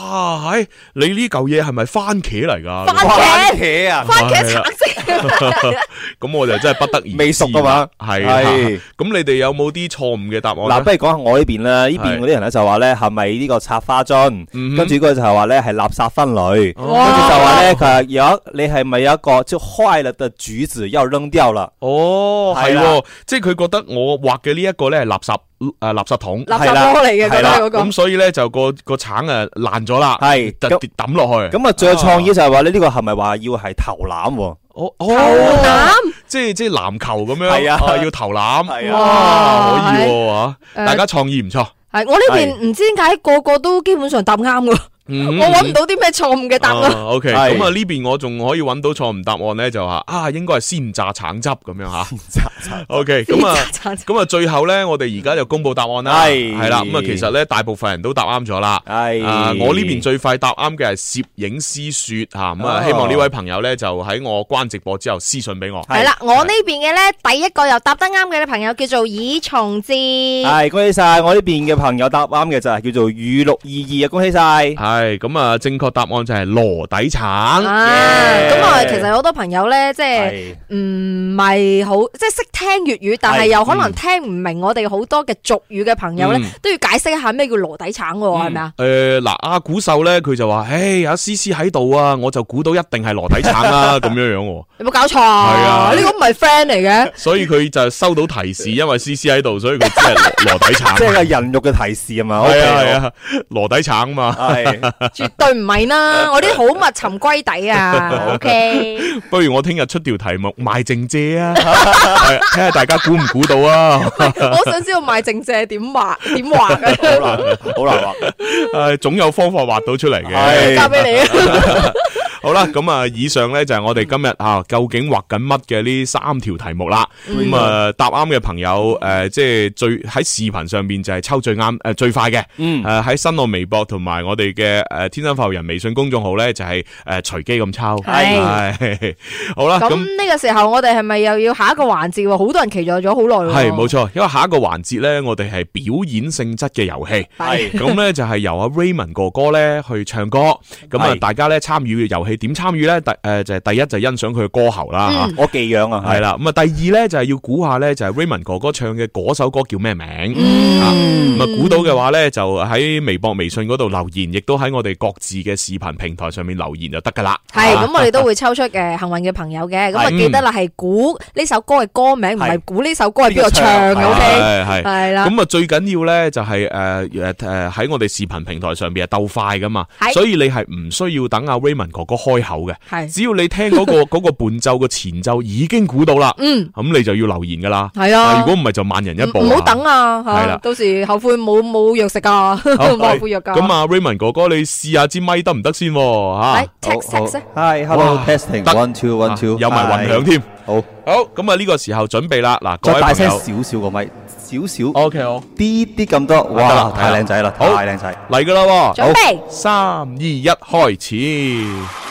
Speaker 1: 哇，係你呢嚿嘢係咪番茄嚟㗎？番茄，番茄啊！
Speaker 6: 啊係
Speaker 1: 咁我就真係不得已。未熟噶嘛？係、啊。咁你哋有冇啲錯誤嘅答案？嗱、啊，不如
Speaker 3: 講下我呢邊啦。邊呢邊嗰啲人咧就話咧係咪呢個插花樽？跟住嗰個就係話咧係垃圾分類。哇跟住就話咧佢如有你係咪有一個即係開嘅主子又扔掉啦？哦，係喎、啊。
Speaker 1: 了」即係佢覺得我畫嘅呢一個咧係垃圾。誒，垃圾桶，垃圾桶嚟嘅，咁所以咧就個個橙誒爛咗啦，係，特別抌落去。咁啊，最有
Speaker 3: 創意就係話你呢個係咪話要係投籃？哦，
Speaker 1: 投籃，即係即係籃球咁樣，係啊，要投籃，啊，可以喎，大家創意唔錯。係，
Speaker 2: 我呢邊唔知點解個個都基本上答啱噶。我搵唔到啲咩錯誤嘅答案。OK，咁啊
Speaker 1: 呢邊我仲可以搵到錯誤答案咧，就話啊應該係鮮榨橙汁咁樣吓。鮮榨 OK，咁啊咁啊最後咧，我哋而家就公布答案啦。係係啦，咁啊其實咧大部分人都答啱咗啦。係啊，我呢邊最快答啱嘅係攝影師雪吓，咁啊希望呢位朋友咧就喺我關直播之後私信俾我。係啦，我呢
Speaker 2: 邊嘅咧第一個又答得啱嘅咧朋友叫做以從志。係，
Speaker 1: 恭喜
Speaker 3: 晒！我呢邊嘅朋友答啱嘅就係叫做雨六二二啊，恭喜晒。係咁啊！正確答案就係籮底
Speaker 4: 橙。啊，咁啊，其實
Speaker 2: 好多朋友咧，即係唔係好即係識聽粵語，但係又可能聽唔明我哋好多嘅俗語嘅朋友咧，都要解釋一下咩叫籮底橙喎，係咪啊？
Speaker 1: 誒，嗱，阿古秀咧，佢就話：，誒，阿思思喺度啊，我就估到一定係籮底橙啦，咁樣樣。有
Speaker 2: 冇搞錯？係啊，呢個唔係 friend 嚟嘅。
Speaker 1: 所以佢就收到提示，因為思思喺度，所以佢即係籮底橙。即係人肉嘅提示啊嘛。係啊係啊，籮底橙啊嘛。絕
Speaker 2: 對唔係啦，我啲好密沉龜底啊。 o Okay K，
Speaker 1: 不如我聽日出條題目賣剩蔗啊，睇下 大家估唔估到啊。 我想
Speaker 2: 知道賣剩蔗點畫點畫嘅，
Speaker 1: 好難，好難畫。誒、 哎，總有方法畫到出嚟嘅，交俾你啊。 好啦，咁啊，以上咧就係我哋今日吓，啊，究竟畫緊乜嘅呢三條題目啦。咁啊，嗯嗯嗯，答啱嘅朋友誒，呃，即係最喺視頻上邊就係抽最啱誒，呃，最快嘅。嗯。誒，呃，喺新浪微博同埋我哋嘅誒天生發育人微信公眾號咧，就是，就係誒隨機咁抽。係是。係是。好啦。咁
Speaker 2: 呢個時候我哋係咪又要下一個環節？好多人期待咗好耐。係，冇
Speaker 1: 錯。因為下一個環節咧，我哋係表演性質嘅遊戲。係是。咁咧是就係，是，由阿 Raymond 哥哥咧去唱歌，咁啊大家咧參與嘅遊戲。是你點參與咧？第誒就係第一就係欣賞佢嘅歌喉啦，我技養啊係啦。咁啊第二咧就係要估下咧，就係 Raymond 哥哥唱嘅嗰首歌叫咩名？咁啊估到嘅話咧，就喺微博、微信嗰度留言，亦都喺我哋各自嘅視頻平台上面留言就得噶啦。係咁，我哋都
Speaker 2: 會抽出嘅幸運嘅朋友嘅。咁啊，記得啦，係估呢首歌嘅歌名，唔係估呢首歌係邊個唱嘅。O K 係啦。咁
Speaker 1: 啊最緊要咧就係誒誒誒喺我哋視頻平台上面鬥快噶嘛，所以你係唔需要等阿 Raymond 哥哥。開口嘅，係只要你聽嗰個嗰個伴奏嘅前奏已經估到啦，嗯，咁你就要留言噶啦，係啊，如果唔係就慢人一步，唔好等
Speaker 2: 啊，係啦，到時後悔冇冇藥食㗎！冇後悔藥㗎！咁啊
Speaker 1: ，Raymond 哥哥，你試下支咪得唔得先？吓，係 hello testing one two one two，有埋雲響添，好，好，咁啊呢個時候
Speaker 3: 準備啦，嗱，再大聲少少個咪少少，OK 好，啲啲咁多，哇，太靚仔啦，太靚仔，
Speaker 1: 嚟噶啦，準備，三二一，開始。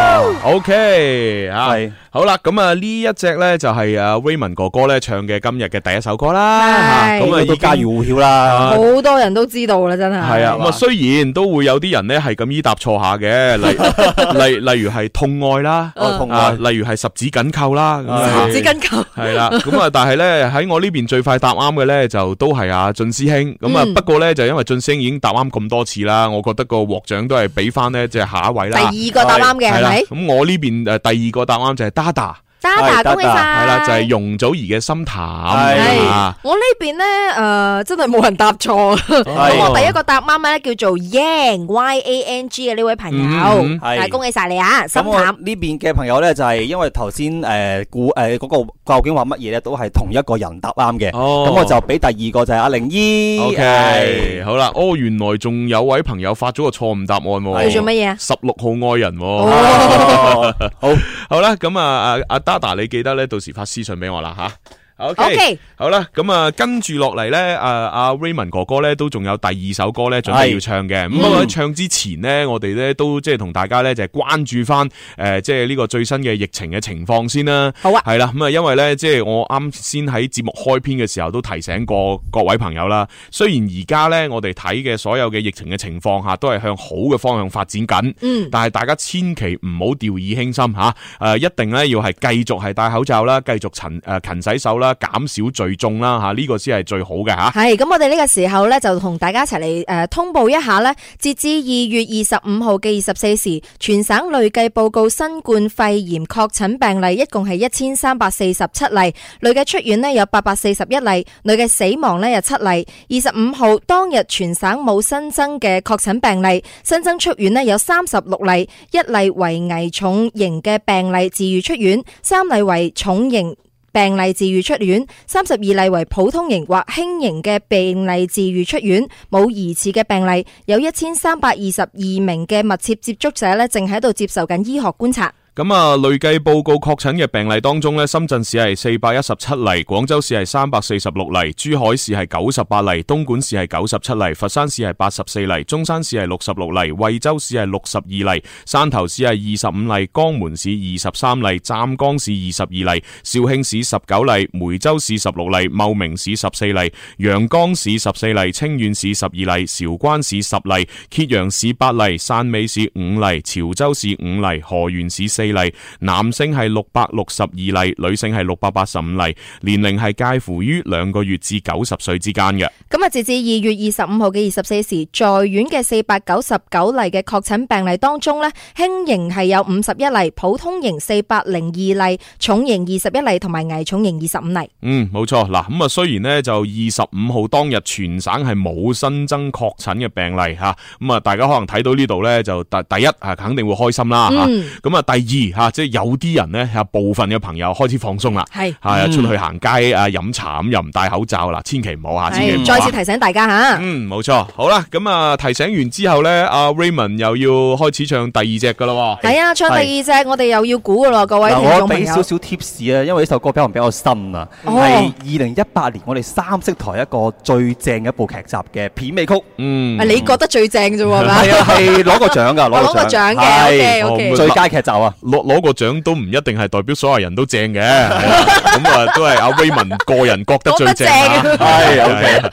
Speaker 1: O K，係好啦，咁啊呢一隻咧就係阿 Raymond 哥哥咧唱嘅今日嘅第一首歌啦，咁啊都家喻戶曉啦，好
Speaker 2: 多人都知道啦，真係係啊，咁
Speaker 1: 啊雖然都會有啲人咧係咁依答錯下嘅，例例例如係痛愛啦，啊例如係十指緊扣啦，十指緊扣係啦，咁啊但係咧喺我呢邊最快答啱嘅咧就都係阿俊師兄，咁啊不過咧就因為俊師兄已經答啱咁多次啦，我覺得個獲獎都係俾翻呢，即係下一位啦，第二個答啱嘅係咪？咁我呢邊誒第二個答案就係 dada 達達，恭喜晒！係啦，就係容祖兒嘅心淡。係
Speaker 2: 我呢邊咧，誒，真係冇人答錯。咁我第一個答啱嘅叫做 Yang Y A N G 嘅呢位朋友，係恭喜晒你啊！心淡。呢
Speaker 3: 邊嘅朋友咧，就係因為頭先誒估誒嗰個究竟話乜嘢咧，都係同一個人
Speaker 1: 答啱嘅。哦。咁我就俾第二個就係阿玲姨。O K，好啦，哦，原來仲有位朋友發咗個錯誤答案。係做乜嘢啊？十六號愛人。哦。好，好啦，咁啊啊啊達。你記得咧，到時發私信俾我啦吓！O Okay, K，Okay. 好啦，咁、嗯、啊，跟住落嚟咧，阿阿 Raymond 哥哥咧都仲有第二首歌咧，準備要唱嘅。咁喺、嗯、唱之前咧，我哋咧都即係同大家咧就係關注翻，誒、呃，即係呢個最新嘅疫情嘅情況先啦。好啊，係啦，咁啊，因為咧，即、就、係、是、我啱先喺節目開篇嘅時候都提醒過各位朋友啦。雖然而家咧我哋睇嘅所有嘅疫情嘅情況下都係向好嘅方向發展緊，嗯，但係大家千祈唔好掉以輕心吓，誒、啊啊，一定咧要係繼續係戴口罩啦，繼續勤誒、呃、勤洗手啦。減少聚眾啦吓，呢個先係最好嘅吓。係
Speaker 2: 咁，我哋呢個時候呢，就同大家一齊嚟誒通報一下呢，截至二月二十五號嘅二十四時，全省累計報告新冠肺炎確診病例一共係一千三百四十七例，累計出院呢，有八百四十一例，累計死亡呢，有七例。二十五號當日全省冇新增嘅確診病例，新增出院呢，有三十六例，一例為危重型嘅病例治癒出院，三例為重型。病例治愈出院，三十二例為普通型或輕型嘅病例治愈出院，冇疑似嘅病例，有一千三百二十二名嘅密切接觸者正喺度接受緊醫學觀察。
Speaker 1: 咁啊，累計報告確診嘅病例當中呢，深圳市係四百一十七例，廣州市係三百四十六例，珠海市係九十八例，東莞市係九十七例，佛山市係八十四例，中山市係六十六例，惠州市係六十二例，汕頭市係二十五例，江門市二十三例，湛江市二十二例，肇慶市十九例，梅州市十六例，茂名市十四例，陽江市十四例，清遠市十二例，韶關市十例，揭陽市八例，汕尾市五例，潮州市五例，河源市四例四例。男性係六百六十二例，女性係六百八十五例，年齡係介乎於兩個月至九十歲之間嘅。
Speaker 2: 咁啊，截至二月二十五號嘅二十四時，在院嘅四百九十九例嘅確診病例當中呢，輕型係有五十一例，普通型四百零二例，重型二十一例，同埋危重型二十五例。
Speaker 1: 嗯，冇錯。嗱，咁啊，雖然呢就二十五號當日全省係冇新增確診嘅病例吓，咁啊，大家可能睇到呢度呢，就第第一啊肯定會開心啦吓。咁啊，嗯，第二。吓，即係有啲人咧，部分嘅朋友開始放鬆啦，係出去行街啊，飲茶咁又唔戴口罩啦，千祈唔好。下次再次提
Speaker 2: 醒大家吓，嗯，
Speaker 1: 冇錯，好啦，咁啊，提醒完之後咧，阿 Raymond 又要開始唱第二隻噶咯，係啊，唱第二
Speaker 2: 隻我哋又要估噶咯，各位聽眾朋友，俾少少
Speaker 1: 貼士啊，因為呢首歌比較比較新啊，係二零
Speaker 3: 一八年我哋三色台一個最正嘅一部劇集嘅片尾曲，嗯，你覺
Speaker 2: 得最正啫喎，係啊，係
Speaker 1: 攞個獎噶，攞個獎嘅，ok 最佳劇集啊。攞攞個獎都唔一定係代表所有人都正嘅，咁 啊都係阿 Raymond 個人覺得最正。係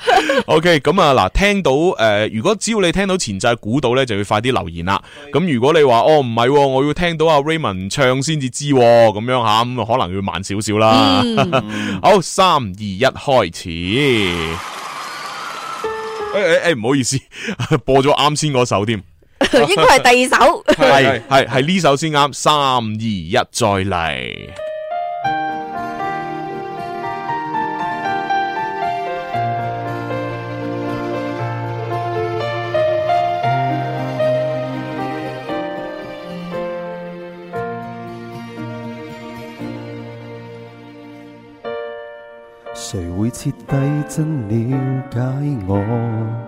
Speaker 1: OK，OK，咁啊嗱，聽到誒、呃，如果只要你聽到前制估到咧，就要快啲留言啦。咁的如果你話哦唔係、啊，我要聽到阿 Raymond 唱先至知咁樣吓，咁啊可能要慢少少啦。嗯、 好，三二一，開始。誒誒誒，唔、欸欸、好意思， 播咗啱先嗰首添。 應該係第二首 是，係係係，呢首先啱，三二一再嚟。
Speaker 7: 誰 會徹底真了解我？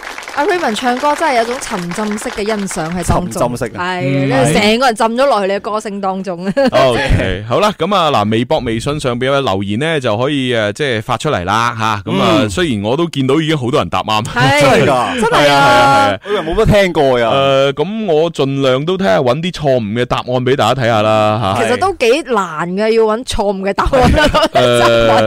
Speaker 2: Raymond 唱歌真係有種沉浸式嘅欣賞，係沉浸式，係，你成個人浸咗落去你嘅歌聲當中。OK，
Speaker 1: 好啦，咁啊嗱，微博、微信上邊有留言咧，就可以誒，即係發出嚟啦吓，咁啊，雖然我都見到已經好多人答啱，係啊，真係啊，冇乜聽過啊。誒，咁我儘量都睇下揾啲錯誤嘅答案俾大家睇下啦嚇。其實
Speaker 2: 都幾難嘅，要揾錯誤嘅答案，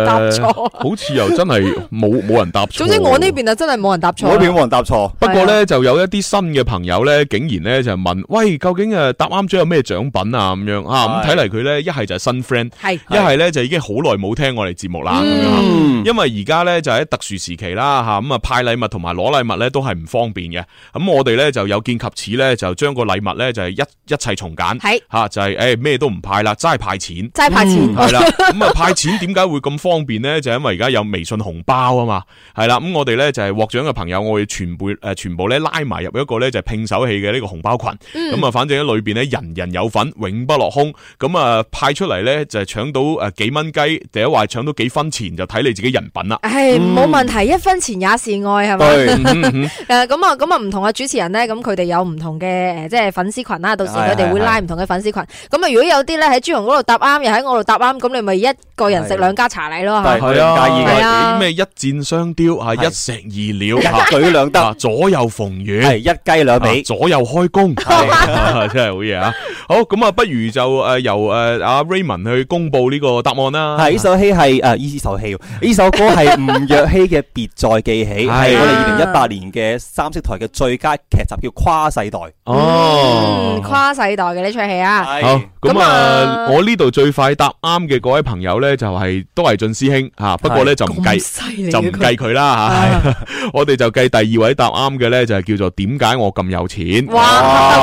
Speaker 2: 答錯。
Speaker 1: 好似又真係冇冇人答錯。總之我呢
Speaker 2: 邊啊，真係冇人答錯。我呢邊
Speaker 1: 冇人答錯。哦、不過咧就有一啲新嘅朋友咧，竟然咧就問，喂，究竟誒答啱咗有咩獎品啊？咁樣咁睇嚟，佢咧一係就係新 friend，
Speaker 4: 係一係咧
Speaker 1: 就已經好耐冇聽我哋節目啦。咁、嗯、樣，因為而家咧就喺特殊時期啦，吓咁啊、嗯、派禮物同埋攞禮物咧都係唔方便嘅。咁、啊、我哋咧就有見及此咧，就將個禮物咧就係一一切從簡，係吓是、啊、就係誒咩都唔派啦，齋派錢，齋派錢，係啦、嗯。咁啊、 嗯、派錢點解會咁方便咧？就因為而家有微信紅包啊嘛。係啦，咁、嗯、我哋咧就係獲獎嘅朋友，我要全部。會誒，全部咧拉埋入一個咧就拼手氣嘅呢個紅包群。咁啊，反正喺裏邊咧，人人有份，永不落空。咁啊，派出嚟咧就搶到誒幾蚊雞，第一話搶到幾分錢就睇你自己人品啦。係冇問
Speaker 2: 題，一分錢也是愛係咪？咁啊，咁啊，唔同嘅主持人咧，咁佢哋有唔同嘅誒，即係粉絲群啦。到時佢哋會拉唔同嘅粉絲群。咁啊，如果有啲咧喺朱紅嗰度答啱，又喺我度答啱，咁你咪一個人食兩家茶禮咯。係啊，介
Speaker 1: 意啊，咩一箭雙雕啊，一石二鳥，一舉兩得。左右逢源，係一雞兩尾，左右開弓，真係好嘢啊！好，咁啊，不如就誒由誒阿 Raymond 去公布呢個答案啦。係呢首戲係誒呢首戲，呢
Speaker 3: 首歌係吳若希嘅《別再記起》，係我哋二零一八年嘅三色台嘅最佳劇集，叫《跨世代》。
Speaker 1: 哦，跨
Speaker 2: 世代嘅呢出戲啊！好，咁啊，我
Speaker 1: 呢度最快答啱嘅嗰位朋友咧，就係都係進師兄吓，不過咧就唔計，就唔計佢啦吓。我哋就計第二位答。答啱嘅咧就係叫做點解我咁有錢？哇！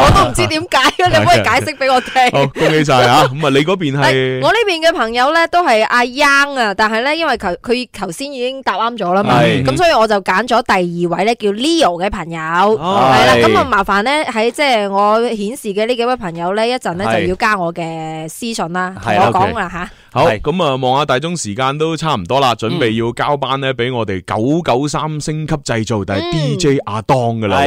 Speaker 1: 我都唔知點
Speaker 2: 解，你可唔可以解釋俾我聽？恭喜晒吓！
Speaker 1: 咁啊，你嗰邊係我
Speaker 2: 呢邊嘅朋友咧，都係阿 Young 啊，但係咧因為頭佢頭先已經答啱咗啦嘛，咁所以我就揀咗第二位咧叫 Leo 嘅朋友係啦。咁啊麻煩咧喺即係我顯示嘅呢幾位朋友咧，一陣咧就要加我嘅私信啦。我講啦吓，
Speaker 1: 好咁啊，望下大鐘時間都差唔多啦，準備要交班咧，俾我哋九九三星級製造嘅 DJ？阿當嘅啦，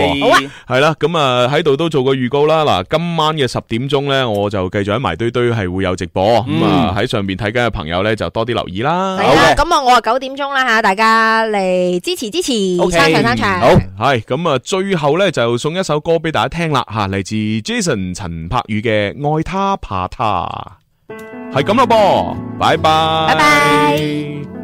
Speaker 1: 係啦是，咁啊喺度都做個預告啦。嗱，今晚嘅十點鐘咧，我就繼續喺埋堆堆係會有直播，咁啊喺上邊睇緊嘅朋友咧就多啲留意啦。係啦，
Speaker 2: 咁啊 Okay 我啊九點鐘啦吓，大家嚟支持支持，生場生場。參齊參
Speaker 1: 齊好，係咁啊最後咧就送一首歌俾大家聽啦吓，嚟自 Jason 陳柏宇嘅《愛他怕他》，係咁啦噃，拜拜拜拜。Bye bye